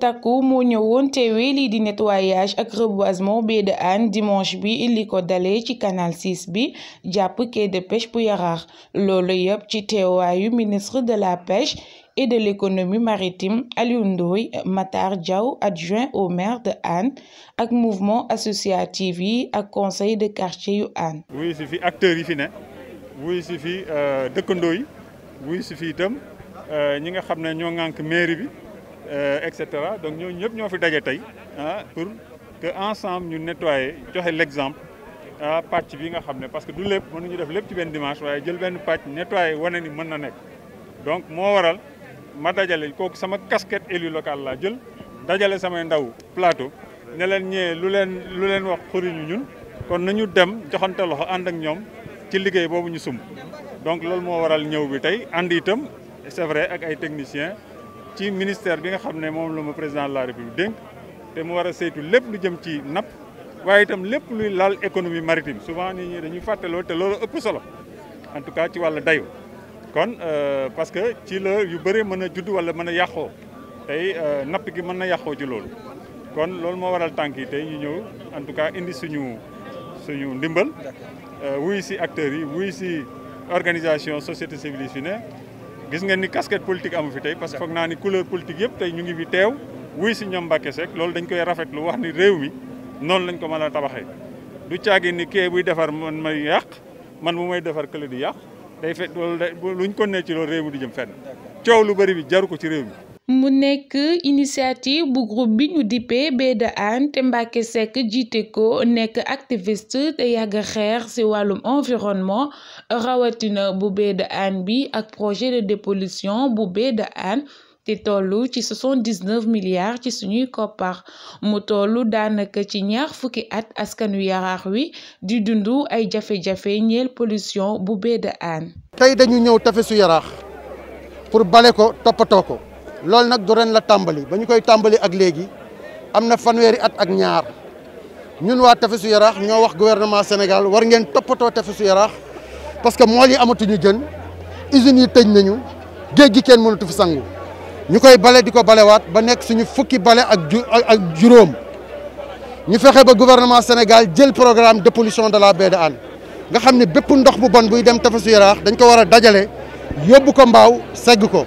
takku mo ñëwoon teewee lii di nettoyage ak reboisement baie de Anne dimanche bi li ko dalee ci canal 6 bi japp ké de pêche pour Yaraax loolu yëpp ci téwayu ministre de la pêche et de l'économie maritime Aliou Ndoy Matar Diaw adjoint au maire de Anne ak mouvement associatif yi ak conseil de quartier yu Anne Oui, c'est fi acteurs yi fi né oui si fi euh, dëkkandoo yi oui si fi itam euh, ñi nga xamné ñoo ŋànk mairie bi Euh, et cetera donc ñooñu ñëpp ñoo fi daje tey ah pour que ensemble ñu nettoyer joxe l'exemple ah pàcc bi nga xam ne parce que du lépp mënuñu def lépp ci benn dimanche waaye jël benn pàcc nettoyer wane ni mën na nekk donc moo waral ma dajale kook sama casquette élu local laa jël dajale samay ndaw plateau ne leen ñee lu leen lu leen wax xuriñu ñun kon nañu dem joxante loxo ànd ak ñoom ci liggéey boobu ñu sumb donc loolu moo waral ñëw bi tey ànd itam c'est vrai ak ay techniciens ci ministère bi nga xam ne moom la ma président de la république dénk te mu war a saytu lépp lu jëm ci napp waaye itam lépp luy laal économie maritime souvent nit ñi dañuy fàttaloo te loolu ëpp solo en tout cas ci wàllu dayu kon euh, parce que ci la yu bëri mën a judd wala mën a yàqoo tey euh, napp gi mën na yàquo ci loolu kon loolu moo waral tànk yi tey ñu ñëw en tout cas indi suñu suñu ndimbal euh, wuy si acteurs yi wuy si organisation société civile yi fi ne gis ngeen ni casquette politique amu fi tey parce que foog naa ni couleur politique yëpp tey ñu ngi fi teew wuy si ñoom Mbacké Seck loolu dañ koy rafetlu wax ni réew mi noonu lañ ko mën a tabaxee lu caagi ni kee buy defar man ma yàq man bu may defar kële di yàq day fet lu luñ ko ne ci loolu réew mi di jëm fenn coow lu bëri bi jaru ko ci réew mi mu nekk initiative bu groupe bi ñu dippee baie de Hann te Mbacké jiite ko nekk activiste te yàgg xeex ci wàllum environnement rawatina bu bédane bi ak projet de dépollution bu baie de Hann te toll ci 79 milliards ci suñuy koppar mu tollu daanaka ci ñaar fukki at askanu yaraax wi di dund ay jafe-jafe ñeel pollution bu baie de tey dañu ñëw tafesu yaraax pour balé ko toppatoo ko. loolu nag du ren la tàmbali ba ñu koy tàmbali ak léegi am na fanweeri at ak ñaar ñun waa tefesu yaraax ñoo wax gouvernement Sénégal war ngeen toppatoo tefesu yaraax parce que mool yi amatuñu jën usines yi tëj nañu géej gi kenn mënatu fi sangu ñu koy bale di ko balewaat ba nekk suñu fukki bale ak ak juróom ñu fexe ba gouvernement Sénégal jël programme de pollution de la baie de Hann nga xam ne bépp ndox bu bon buy dem tefesu yaraax dañ ko war a dajale yóbbu ko mbaaw segg ko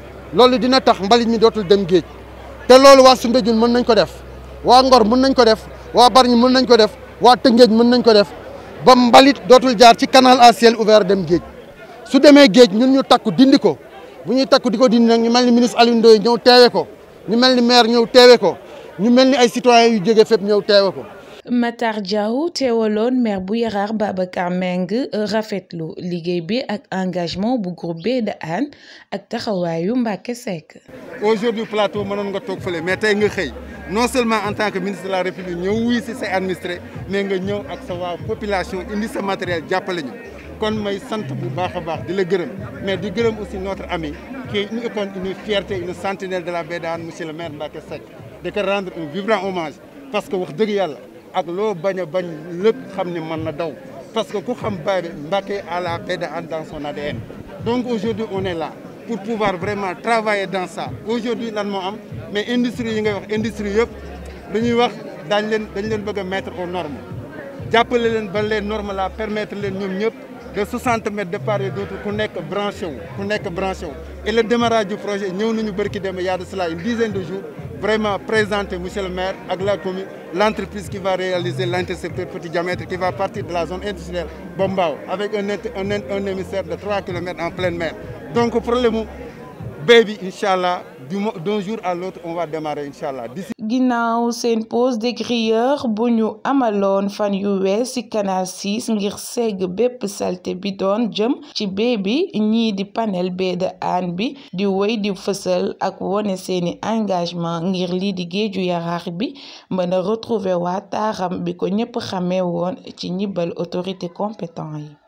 loolu dina tax mbalit mi dootul dem géej te loolu waa Soumbédioune mën nañ ko def waa Ngor mën nañ ko def waa Bargny mën nañ ko def waa Tëngéej mën nañ ko def ba mbalit dootul jaar ci canal a ciel ouvert dem géej su demee géej ñun ñu takku dindi ko bu ñuy takku di ko dindi nag ñu mel ni ministre Alioune ñëw teewe ko ñu mel ni maire ñëw teewe ko ñu mel ni ay citoyens yu jóge fépp ñëw teewe ko Matar Diaw teewaloon maire Bouyarar Babakar Babacar Mbengue rafetlu engagement bu groupe B de Anne, ak taxawaayu Mbacké aujourd'hui plateau je nga toog mais tey nga non seulement en tant que ministre de la république nous, ici, c'est administré mais nous, nous, ak sa population indi sa matériel jàppale ñu. kon may sant bu baax de di la gërëm mais di gërëm aussi notre ami qui est une fierté une sentinelle de la Bédane, M. monsieur le maire Mbacké de rendre un vibrant hommage parce que wax dëgg yàlla ak parce que ku xam Baye Mbacké à la PDA dans son ADN donc aujourd'hui on est là pour pouvoir vraiment travailler dans ça aujourd'hui lan moo am mais industrie yi industrie mettre aux normes jàppale les normes la permettre leen ñoom de 60 mètres de part et d'autre ku nekk branché et le démarrage du projet nous nañu bërki il y a de cela une dizaine de jours vraiment présenter, monsieur le maire, à la l'entreprise qui va réaliser l'intercepteur petit diamètre qui va partir de la zone industrielle Bombao avec un, émissaire de 3 km en pleine mer. Donc, le problème, baby, Inch'Allah, d'un jour à l'autre, on va démarrer, Inch'Allah. ginnaaw seen pose des grilleurs bu ñu amaloon fan yu wees ci canal 6 ngir segg bépp salte bi doon jëm ci bee bi ñii di panel bee de bi di woy di fësal ak wone seeni engagement ngir lii di géeju yaraax bi mën a retrouver waa taaram bi ko ñépp xamee woon ci ñibbal autorité compétent yi